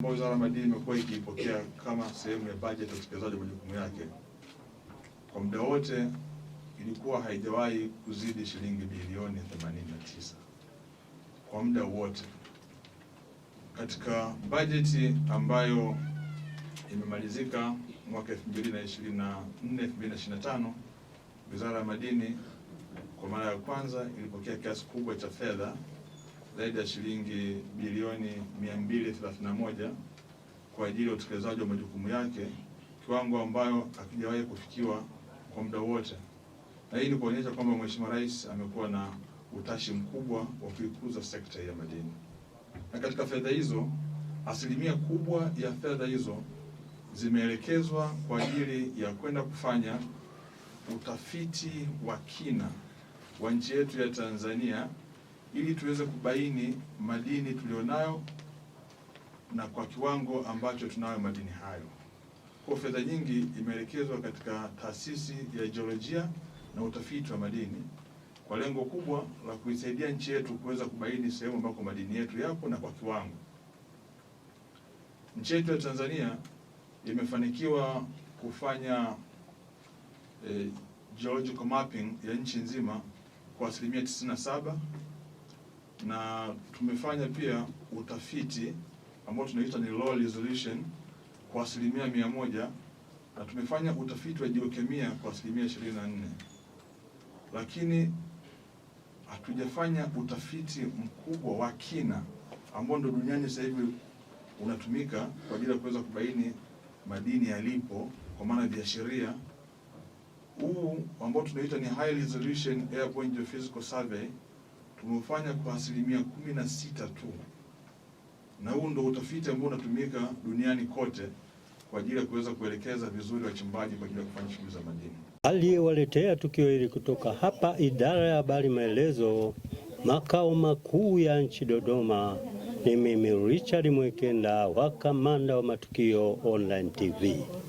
ambayo Wizara ya Madini imekuwa ikiipokea kama sehemu ya bajeti ya utekelezaji wa majukumu yake kwa muda wote ilikuwa haijawahi kuzidi shilingi bilioni 89 kwa muda wote. Katika bajeti ambayo imemalizika mwaka 2024 2025, Wizara ya Madini kwa mara ya kwanza ilipokea kiasi kubwa cha fedha zaidi ya shilingi bilioni 231 kwa ajili ya utekelezaji wa majukumu yake, kiwango ambayo hakijawahi kufikiwa kwa muda wote, na hii ni kuonyesha kwamba Mheshimiwa Rais amekuwa na utashi mkubwa wa kuikuza sekta ya madini. Na katika fedha hizo, asilimia kubwa ya fedha hizo zimeelekezwa kwa ajili ya kwenda kufanya utafiti wa kina wa nchi yetu ya Tanzania ili tuweze kubaini madini tulionayo na kwa kiwango ambacho tunayo madini hayo. Kwa fedha nyingi imeelekezwa katika taasisi ya jiolojia na utafiti wa madini kwa lengo kubwa la kuisaidia nchi yetu kuweza kubaini sehemu ambako madini yetu yapo na kwa kiwango. Nchi yetu ya Tanzania imefanikiwa kufanya eh, geological mapping ya nchi nzima kwa asilimia 97 na tumefanya pia utafiti ambao tunaita ni low resolution kwa asilimia mia moja na tumefanya utafiti wa jiokemia kwa asilimia ishirini na nne lakini hatujafanya utafiti mkubwa wa kina ambao ndo duniani sasa hivi unatumika kwa ajili ya kuweza kubaini madini yalipo kwa maana ya viashiria. Huu ambao tunaita ni high resolution airborne geophysical survey tumefanya kwa asilimia kumi na sita tu, na huu ndio utafiti ambao unatumika duniani kote kwa ajili ya kuweza kuelekeza vizuri wachimbaji kwa ajili ya kufanya shughuli za madini. Aliyewaletea tukio hili kutoka hapa idara ya habari maelezo, makao makuu ya nchi Dodoma, ni mimi Richard Mwekenda wa Kamanda wa Matukio Online TV.